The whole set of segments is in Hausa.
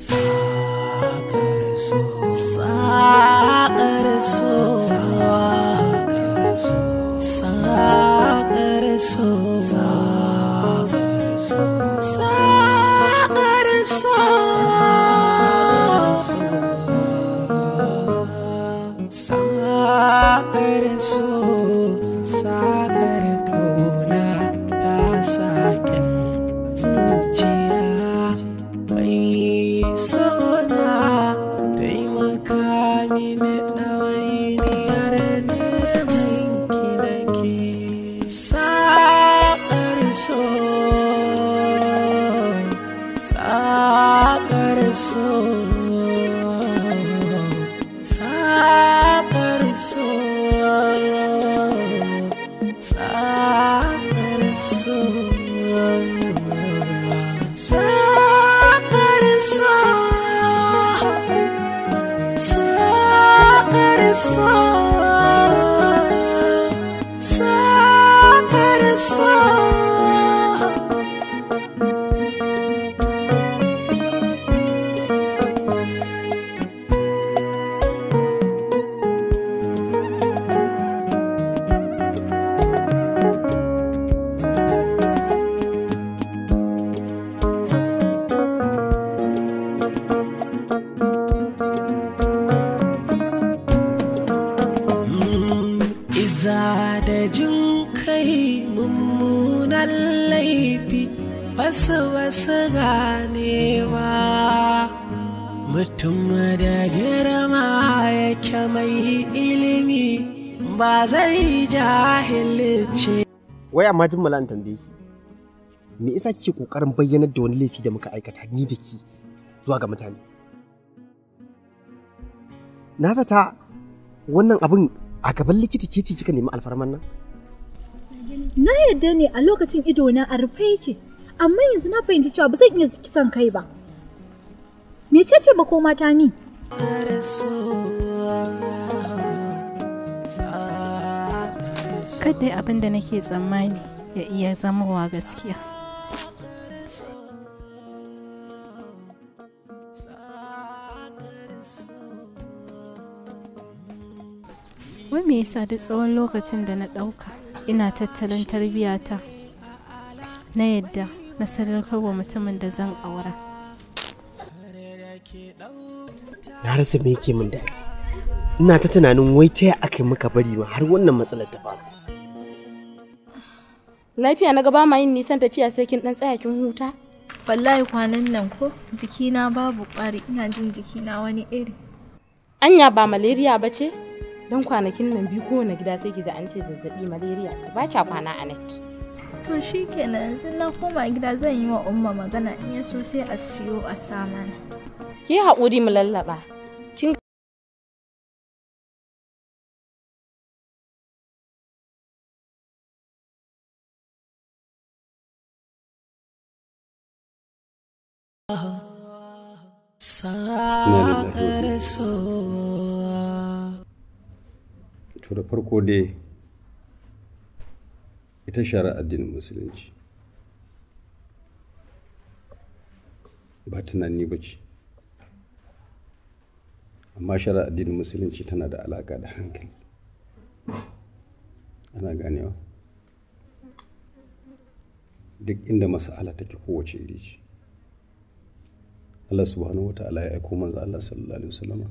Sacar eso, sacar eso, sacar eso, sacar eso, sacar eso, sacar eso, sacar eso, Sacar sou, sacar sou, sacar sou, sacar sou, sacar sou, sacar sou. wasu wasu ganewa mutum da girma yake mai ilimi ba zai jahilce wai amma jin mala'an tambaye ki me isa kike kokarin bayyanar da wani laifi da muka aikata ni da ki zuwa ga mutane na fata wannan abin a gaban likita ke ce kika nemi alfarman nan na yadda ne a lokacin ido na a rufe yake amma yanzu na fahimci cewa ba zan iya kisan kai ba ce ba ko mata ni kadai abin da nake tsammani ya iya zamowa gaskiya wai me yasa da tsawon lokacin da na ɗauka ina tattalin tarbiyyata na yadda na kawo mutumin da zan aura na rasa me yake min daɗi ina ta tunanin wai ta aka yi muka bari ma har wannan matsalar ta faru lafiya na gaba ma yin nisan tafiya sai kin dan tsaya kin huta wallahi kwanan nan ko jikina babu ƙwari ina jin jikina wani iri anya ba malaria ba ce dan kwanakin nan biyu kowane gida sai ki ji an ce zazzabi malaria ce ba kya kwana a net to shi kenan yanzu na koma gida zan yi wa umma magana in ya so sai a siyo a samana ki haƙuri mu lallaba To da farko dai ita shari'ar addinin musulunci ba tunani ba ce amma shari'ar addinin musulunci tana da alaƙa da hankali ana ganewa duk inda mas'ala take kowace iri ce Allah subhanahu wa ta'ala ya aiko manzo Allah sallallahu alaihi wasallama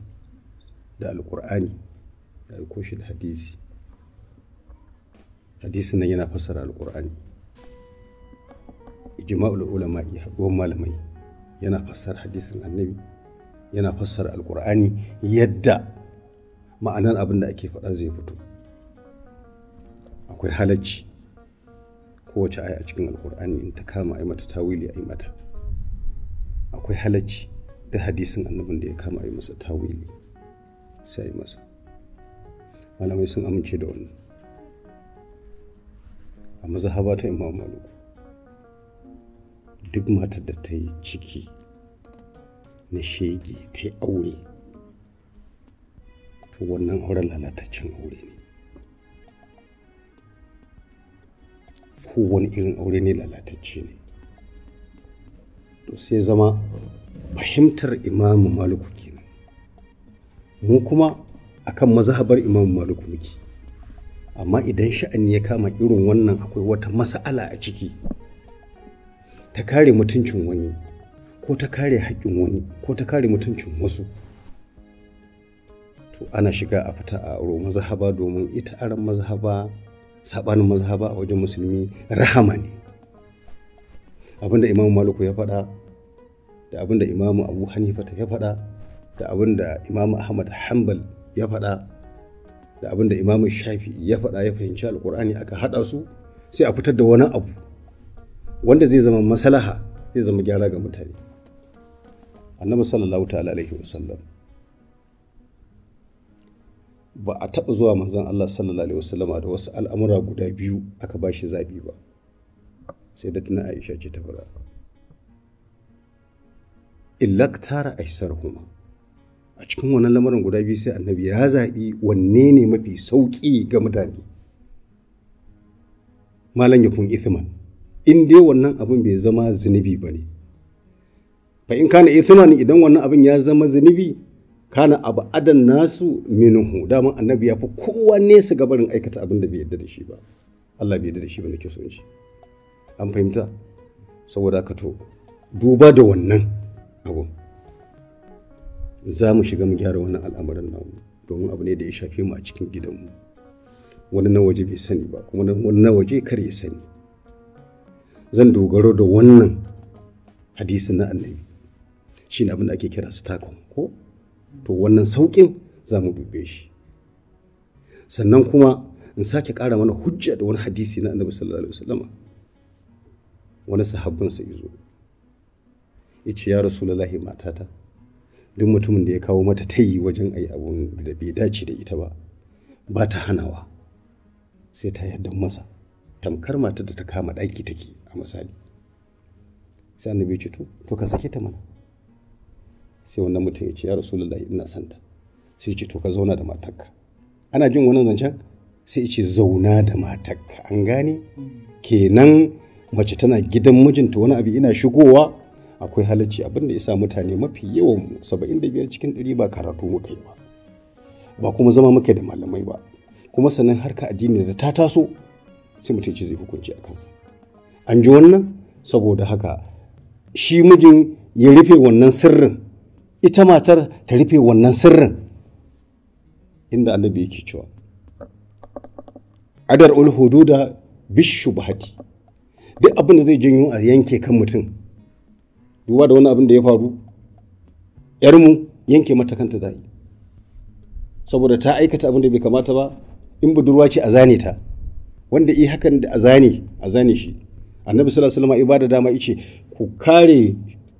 da alqur'ani ya aiko shi da hadisi hadisin nan yana fassara alkur'ani ijma'ul ulama haɗuwar malamai yana fassara hadisin annabi yana fassara alkur'ani yadda ma'anan abin da ake faɗa zai fito akwai halacci kowace aya a cikin alkur'ani in ta kama a yi mata tawili a yi mata akwai halacci da hadisin annabin da ya kama a yi masa tawili sai a yi masa malamai sun amince da wannan a mazahaba ta imam malik duk matar da ta yi ciki na shege ta yi aure to wannan auren lalataccen aure ne ko wani irin aure ne lalatacce ne to sai zama fahimtar imamu maluku kenan mu kuma akan mazhabar imamu maliku muke amma idan sha'ani ya kama irin wannan akwai wata mas'ala a ciki ta kare mutuncin wani ko ta kare haƙƙin wani ko ta kare mutuncin wasu to ana shiga a fita a aro mazhaba domin ita aron mazhaba sabanin mazhaba a wajen musulmi rahama ne abinda imamu maluku ya faɗa da abinda imamu abu hanifa ya faɗa da abinda imamu ahmad hanbal ya faɗa da abin da shafi ya faɗa ya fahimci alƙur'ani aka haɗa su sai a fitar da wani abu wanda zai zama masalaha zai zama gyara ga mutane annabi sallallahu ta'ala alaihi wasallam ba a taɓa zuwa manzon Allah sallallahu alaihi wasallama da wasu al'amura guda biyu aka ba shi zaɓi ba sai da tuna Aisha ce ta faɗa illak tara aisar huma a cikin wannan lamarin guda biyu sai annabi ya zaɓi wanne ne mafi sauƙi ga mutane malam ya kun ithman in dai wannan abin bai zama zunubi ba ne fa in kana ithman idan wannan abin ya zama zunubi kana abu adan nasu minuhu daman annabi ya fi kowa nesa ga barin aikata abin da bai yadda da shi ba Allah bai yadda da shi ba nake son shi an fahimta saboda ka to duba da wannan abu za mu shiga mu gyara wannan al'amarin namu domin abu ne da ya shafe mu a cikin gidanmu wani na waje bai sani ba kuma wani na waje kar ya sani zan dogaro da wannan hadisin na annabi shi ne abin da ake kira stakon ko to wannan sauƙin za mu dube shi sannan kuma in sake ƙara mana hujja da wani hadisi na annabi sallallahu alaihi wasallama wani sahabbinsa ya zo ya ce ya rasulullahi matata duk mutumin da ya kawo mata ta yi wajen a yi abun da bai dace da ita ba ba ta hanawa sai ta yarda masa tamkar matar da ta kama ɗaki take a misali sai annabi ce to to ka sake ta mana sai wannan mutum ya ce ya rasulullahi ina son ta sai ce to ka zauna da matarka ana jin wannan zancen sai ce zauna da matarka an gane kenan mace tana gidan mijinta wani abu ina shigowa akwai halacci abin da ya sa mutane mafi yawan mu 75 cikin ɗari ba karatu muka yi ba ba kuma zama muka da malamai ba kuma sannan harka addini da ta taso sai mutum ce zai hukunci a kansa an ji wannan saboda haka shi mijin ya rufe wannan sirrin ita matar ta rufe wannan sirrin inda annabi yake cewa adar ul hududa bishubhati duk abin da zai janyo a yanke kan mutum duba da wani abin da ya faru yarmu yanke mata kanta zai saboda ta aikata abin da bai kamata ba in budurwa ce a zane ta wanda i hakan da a zane a zane shi annabi sallallahu alaihi wasallam ibada dama ice ku kare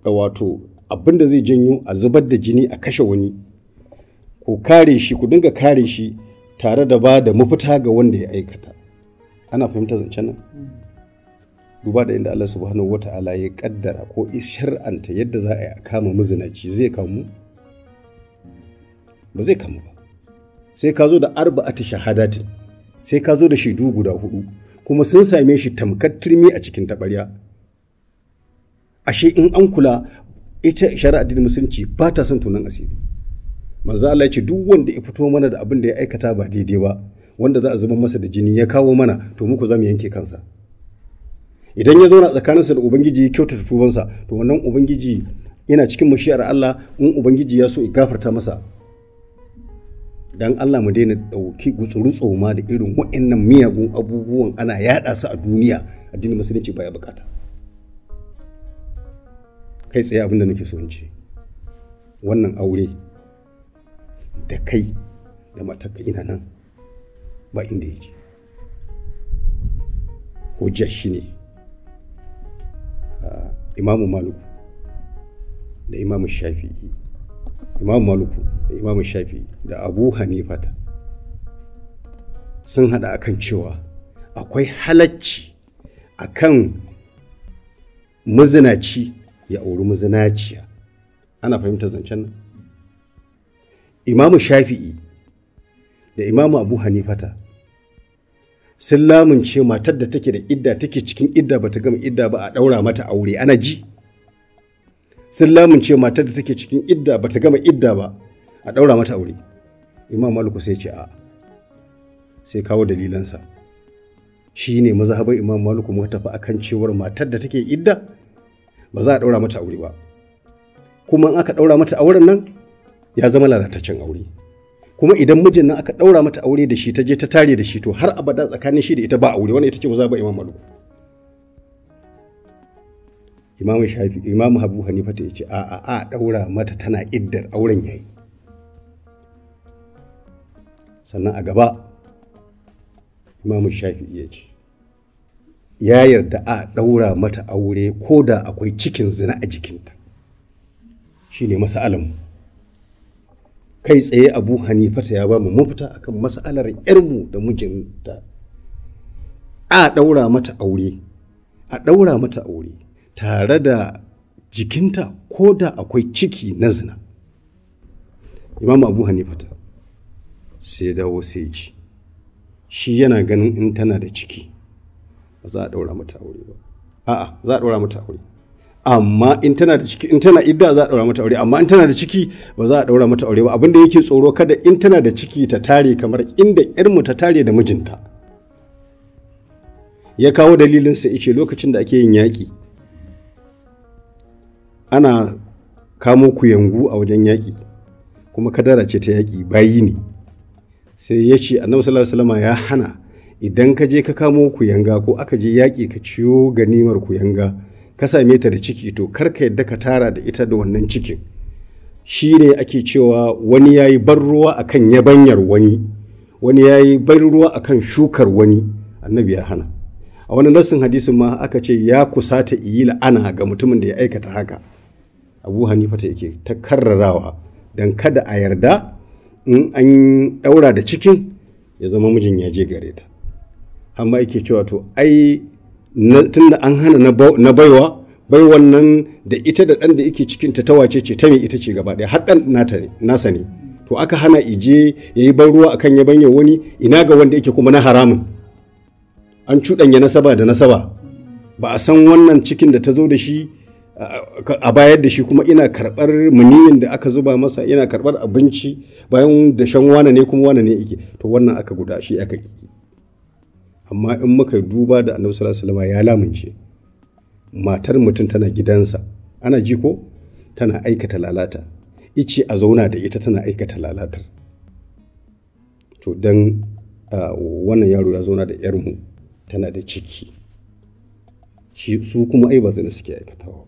wato abin da zai janyo a zubar da jini a kashe wani ku kare shi ku dinga kare shi tare da ba da mafita ga wanda ya aikata ana fahimta zancen nan duba da inda Allah subhanahu wata'ala ya kaddara ko shar'anta yadda za a yi kama mazinaci zai kamu ba zai kamu ba sai ka zo da arba'ati shahadatin sai ka zo da shaidu guda hudu kuma sun same shi tamkar turmi a cikin taɓarya ashe in an kula ita shari'a addinin musulunci ba ta son tunan asiri manzo Allah ya ce duk wanda ya fito mana da abin da ya aikata ba daidai ba wanda za a zuba masa da jini ya kawo mana to muku zamu yanke kansa idan ya zauna tsakaninsa da ubangiji ya kyautata tubansa to wannan ubangiji yana cikin mashiyar Allah in ubangiji ya so ya gafarta masa dan Allah mu daina dauki gutsuru tsoma da irin waɗannan miyagun abubuwan ana yada su a duniya addinin musulunci baya bukata kai tsaye abin da nake so in ce wannan aure da kai da matarka ina nan ba inda yake hujja shi ne Ah, imamu maluku da imamu shafi'i imamu maluku da imamu shafi'i da abu hanifata sun hada akan cewa akwai halacci akan muzinaci ya auri muzinaciya. ana fahimtar zancen nan imamu shafi'i da imamu abu hanifata sun lamunce matar da take da idda take cikin idda ba ta gama idda ba a ɗaura mata aure ana ji sun lamunce matar da take cikin idda ba ta gama idda ba a ɗaura mata aure imam maliku sai ce a sai kawo dalilansa shi ne mazhabar imam maliku mu tafi akan cewar matar da take idda ba za a ɗaura mata aure ba kuma in aka ɗaura mata auren nan ya zama lalataccen aure kuma idan mijin nan aka ɗaura mata aure da shi ta je ta tare da shi to har abada tsakanin shi da ita ba aure wannan ita ce ba imam maliku imam shafi imam habu hanifa ta ce a a a daura mata tana iddar auren yayi sannan a gaba imam shafi ya ce ya yarda a daura mata aure ko da akwai cikin zina a jikinta shine alamu. kai tsaye abu hanifata ya ba mu mafita akan mas'alar yarmu da mijinta a ɗaura mata aure a ɗaura mata aure tare da jikinta ko da akwai ciki na zina imam abu ta sai dawo sai ci shi yana ganin in tana da ciki za a ɗaura mata aure ba a'a za a ɗaura mata aure amma in tana da ciki in tana idda za a daura mata aure amma in tana da ciki ba za a ɗaura mata aure ba abin yake tsoro kada in tana da ciki ta tare kamar inda mu ta tare da mijinta ya kawo dalilin sa ice lokacin da ake yin yaƙi ana kamo kuyangu a wajen yaƙi kuma kadara ce ta yaki bayi ne sai ya ce annabi sallallahu alaihi wasallam ya hana idan ka je ka kamo kuyanga ko aka je yaki ka ciyo ganimar kuyanga ka same ta da ciki to kar ka yadda ka tara da ita da wannan cikin shi ne ake cewa wani ya yi ban ruwa a kan yabanyar wani wani ya yi ban ruwa a kan shukar wani annabi ya hana a wani nassin hadisin ma aka ce ya kusa ta iyi la'ana ga mutumin da ya aikata haka abu hanifa ta yake ta karrarawa don kada a yarda in an ɗaura da cikin ya zama mijin ya je gare ta amma yake cewa to ai da an hana na baiwa bai wannan da ita da ɗan da yake cikin ta tawace ce ta mai ita ce gaba ɗaya har ɗan nasa ne to aka hana ije ya yi ban ruwa akan yabanya wani ina ga wanda yake kuma na haramun an cuɗanya nasaba da nasaba ba a san wannan cikin da ta zo da shi a bayar da shi kuma ina karɓar muniyin da aka zuba masa ina karɓar abinci bayan da shan wane ne kuma wane ne yake to wannan aka guda shi aka ki amma in muka duba da annabi sallallahu alaihi wasallam ya lamunce matar mutum tana gidansa ana ji ko tana aikata lalata ice a zauna da ita tana aikata lalatar to dan wannan yaro ya zauna da yarmu tana da ciki shi su kuma ai ba zina suke aikatawa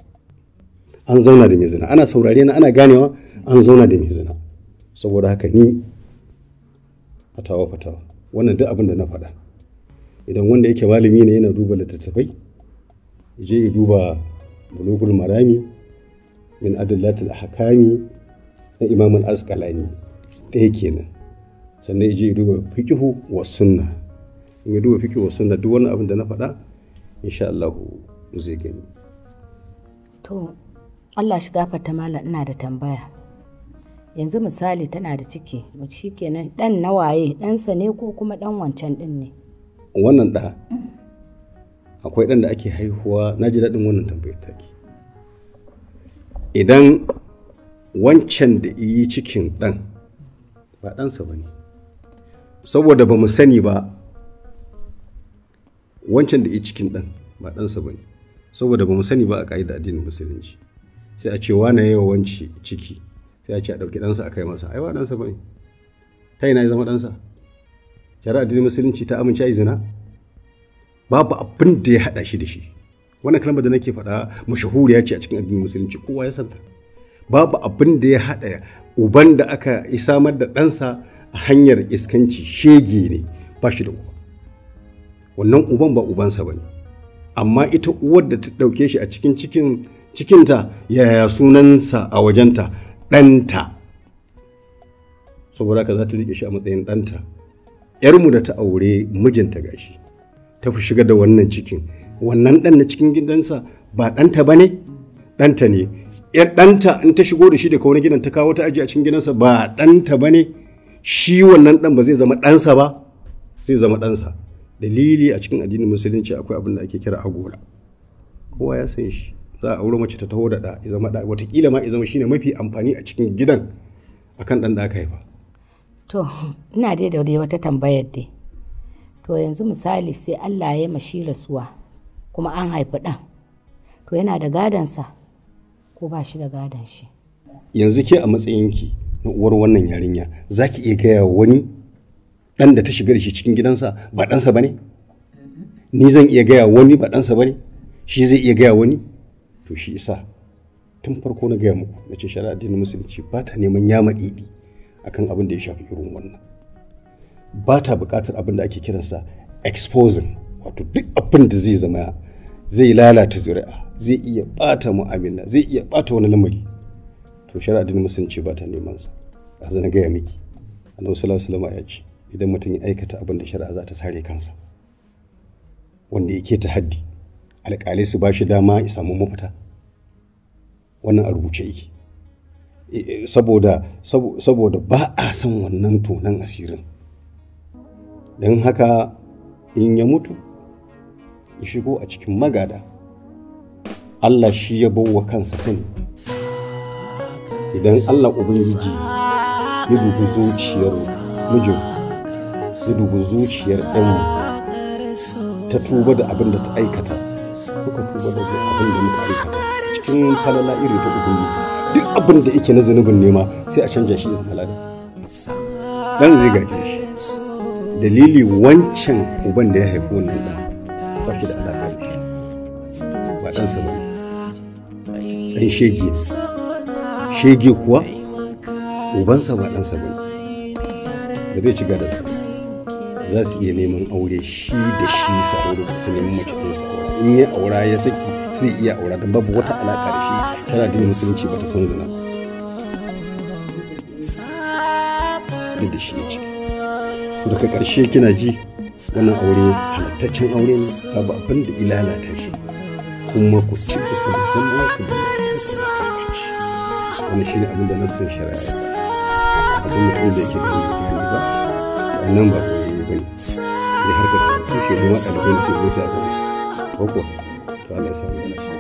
an zauna da mai zina ana saurare na ana ganewa an zauna da mai zina saboda haka ni fatawa fatawa wannan duk abin da na faɗa idan wanda yake malami ne yana duba littattafai je ya duba bulugul marami min adillatul ahkami na imam al-asqalani ɗaya kenan sannan ya je ya duba fiqhu wa sunna in ya duba fiqhu wa sunna duk wani abin da na faɗa insha Allah zai gani to Allah shi gafarta malam ina da tambaya yanzu misali tana da ciki shi kenan ɗan nawaye sa ne ko kuma dan wancan din ne wannan ɗa akwai ɗan da ake haihuwa na ji daɗin wannan tambayar take idan wancan da yi cikin ɗan ba ɗansa ba ne saboda ba mu sani ba wancan da yi cikin ɗan ba ɗansa ba ne saboda ba mu sani ba a ƙa'ida addinin musulunci sai a ce wane yawa wanci ciki sai a ce a ɗauki ɗansa a kai masa ai ba ɗansa ba ne ta ina ya zama ɗansa shari'a addinin musulunci ta amince a zina babu abin da ya haɗa shi da shi wannan kalmar da nake faɗa mashahuriya ce a cikin addinin musulunci kowa ya santa babu abin da ya haɗa uban da aka samar da ɗansa a hanyar iskanci shege ne ba shi da uba wannan uban ba ubansa ba ne amma ita uwar da ta ɗauke shi a cikin cikin cikinta yaya sunansa a wajenta ɗanta saboda ka za ta riƙe shi a matsayin ɗanta yarmu da ta aure mijinta gashi ta fi shiga da wannan cikin wannan ɗan na cikin gidansa ba ɗanta ba ne ɗanta ne yar ɗanta in ta shigo da shi da wani gidan ta kawo ta aji a cikin gidansa ba ɗanta ba shi wannan dan ba zai zama ɗansa ba zai zama ɗansa dalili a cikin addinin musulunci akwai abin da ake kira agola kowa ya san shi za a aure mace ta taho da ɗa ya zama ɗa watakila ma ya zama shine mafi amfani a cikin gidan akan ɗan da aka haifa to ina dai da wata tambayar dai to yanzu misali sai allah ya mashi rasuwa kuma an haifi ɗan to yana da gadansa ko ba shi da gadon shi yanzu ke a matsayinki na uwar wannan yarinya za ki iya gaya wani ɗan da ta shiga da shi cikin gidansa ba ɗansa ba ne ni zan iya gaya wani ba ɗansa ba ne shi zai iya gaya wani to shi isa tun farko na gaya muku na ce shari'a addinin musulunci ba ta neman yama ɗiɗi akan abin da ya shafi irin wannan ba ta buƙatar abin da ake kiransa exposing wato duk abin da zai zama zai lalata zuri'a zai iya bata mu'amala zai iya ɓata wani lamari to shari'a din musulunci ba ta neman sa a na gaya miki annabi sallallahu alaihi wasallam ya ce idan mutum ya aikata abin da shari'a za ta sare kansa wanda yake ta haddi alƙalai su bashi dama ya samu mafita wannan a rubuce yake saboda saboda ba a san wannan tonan asirin don haka in ya mutu ya shigo a cikin magada Allah shi ya wa kansa sani idan Allah Ubangiji ya dubi zuciyar mijin ya dubi zuciyar ɗan ta tuba da abin da ta aikata kuka tuba da abin da muka aikata cikin falala iri ta Ubangiji duk abin da yake na zunubin nema sai a canja shi izin halali dan zai gaje shi dalili wancan uban da ya haifi wannan da ba shi da alaƙa da shi ba ɗansa ba ɗan shege shege kuwa ubansa ba ɗansa ba da zai ci gadansa za su iya neman aure shi da shi sa aure su neman mace ɗin sa aure in ya aura ya saki zai iya aura dan babu wata alaƙa tana da musulunci ba ta san zina duk da shi ya ce daga ƙarshe kina ji wannan aure halittaccen aure ne babu abin da ilalata shi kuma ku ci da ku zama ku da shi shine abin da nassin shari'a abin da kuma da ke da yanzu ba wannan ba ku yi ba ne harkar tushe don waɗanda da su zo su a zama ko to Allah ya samu da shi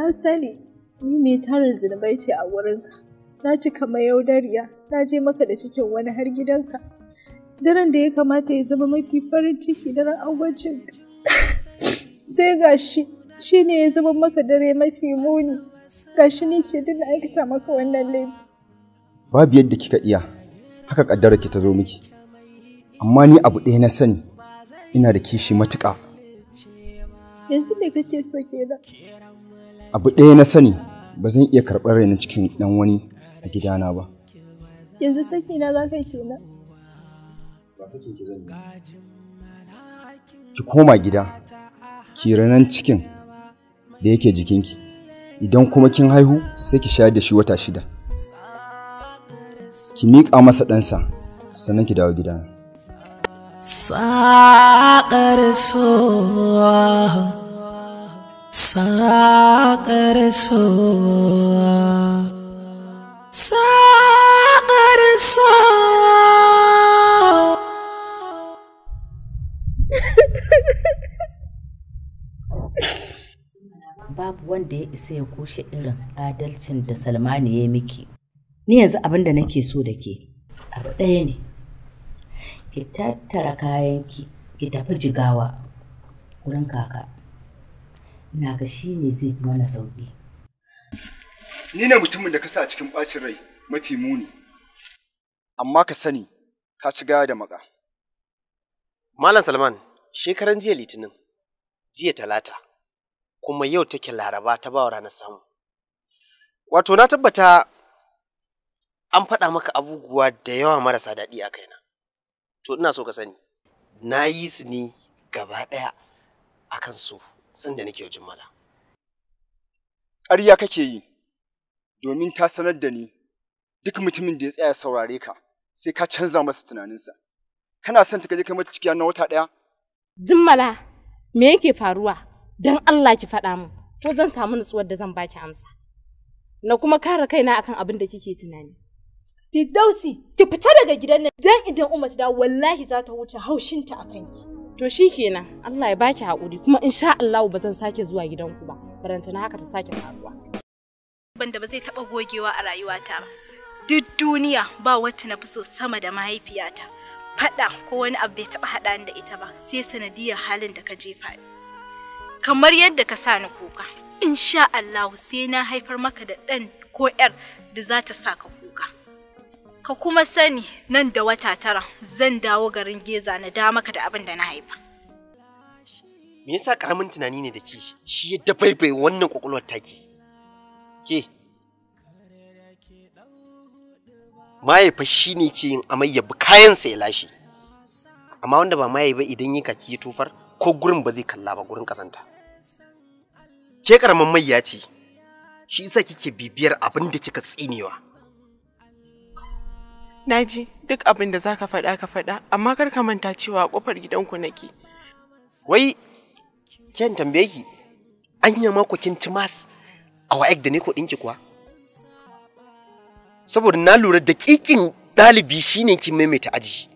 na sani ni mai tarin zunubai ce a wurinka na cika mai yaudariya na je maka da cikin wani har gidanka daren da ya kamata ya zama mafi farin ciki daren agwacin sai gashi shi ne ya zama maka dare mafi muni gashi ne ce duk aikata maka wannan laifi babu yadda kika iya haka kaddara ki ta zo miki amma ni abu ɗaya na sani ina da kishi matuƙa yanzu me kake so kenan abu ɗaya na sani ba zan iya karɓar raina cikin ɗan wani a gidana ba yanzu saki na za kai kenan ba sakin ki zan yi ki koma gida ki ranar cikin da yake jikinki idan kuma kin haihu sai ki shayar da shi wata shida ki miƙa masa ɗansa sannan ki dawo gidana Saƙar soa. saƙar so saƙar so babu wanda ya isa ya kushe irin adalcin da salmani ya miki ni yanzu abin da nake so da ke abu ɗaya ne ki tattara kayanki ki tafi jigawa wurin kaka ina ga ne zai fi mana sauƙi. Ni ne mutumin da ka sa cikin ɓacin rai mafi muni, amma ka sani ka ci gaya da maka. Malam Salman, shekaran jiya Litinin, jiya Talata, kuma yau take Laraba ta bawa ranar samu. Wato na tabbata an faɗa maka abubuwa da yawa marasa daɗi a kaina. To ina so ka sani, na yi su ne gaba ɗaya a kan su. sanda nake wajen mala. Ƙarya kake yi, domin ta sanar da ni duk mutumin da ya tsaya saurare ka sai ka canza masa tunaninsa. Kana son ta kaje kai mata cikiya na wata ɗaya? Jummala, me yake faruwa? Don Allah ki faɗa min, ko zan samu nutsuwar da zan baki amsa. Na kuma kare kaina akan abin da kike tunani. Fidausi, ki fita daga gidan nan don idan Umar ta dawo wallahi za ta wuce haushinta a kanki. to shi kenan, Allah ya baki haƙuri kuma insha Allah ba zan sake zuwa gidanku ba barantana haka ta sake faruwa banda ba zai taɓa gogewa a rayuwata ba duk duniya ba wacce na fi so sama da mahaifiyata Faɗa ko wani abu bai taba hada da ita ba sai sanadiyar halin da ka jefa kamar yadda ka sa ni kuka insha Allah sai na haifar maka da ɗan ko 'yar da za ta sa ka Ka kuma sani nan da wata tara zan dawo garin Geza na da maka da abin da na haifa. Me yasa karamin tunani ne da ke shi ya dabaibai wannan kwakwalwar taki? Ke, mahaifa shi ne ke yin amai ya bi kayansa ya lashe. Amma wanda ba mahaifa idan yi kaki ya tufar ko gurin ba zai kalla ba gurin kasanta. Ke karamin mayya ce, shi isa kike bibiyar abin da kika tsinewa. Naji duk abin da za ka faɗa ka faɗa, amma kar ka manta cewa ƙofar gidanku nake. Wai, kyan tambaye ki, Anya yi mako kin mas a wa'ek da ne ko ɗinki kuwa? Saboda na lura da ɗalibi shine kin maimaita aji.